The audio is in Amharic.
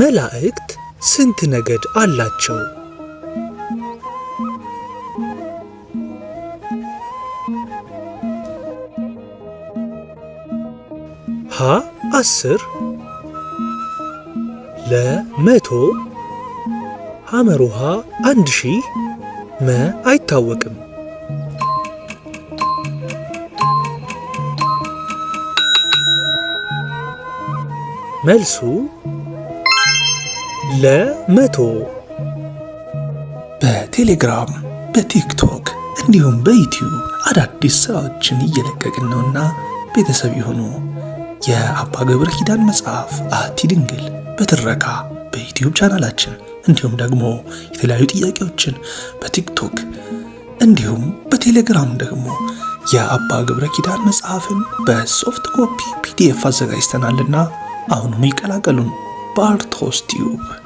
መላእክት ስንት ነገድ አላቸው? ሀ አስር ለመቶ ሐመሩሃ አንድ ሺህ መ አይታወቅም። መልሱ ለመቶ በቴሌግራም በቲክቶክ እንዲሁም በዩትዩብ አዳዲስ ስራዎችን እየለቀቅን ነውና ቤተሰብ የሆኑ የአባ ገብረ ኪዳን መጽሐፍ አቲ ድንግል በትረካ በዩትዩብ ቻናላችን እንዲሁም ደግሞ የተለያዩ ጥያቄዎችን በቲክቶክ እንዲሁም በቴሌግራም ደግሞ የአባ ገብረ ኪዳን መጽሐፍን በሶፍት ኮፒ ፒዲኤፍ አዘጋጅተናልና አሁኑም ይቀላቀሉን። Bartrosdjub.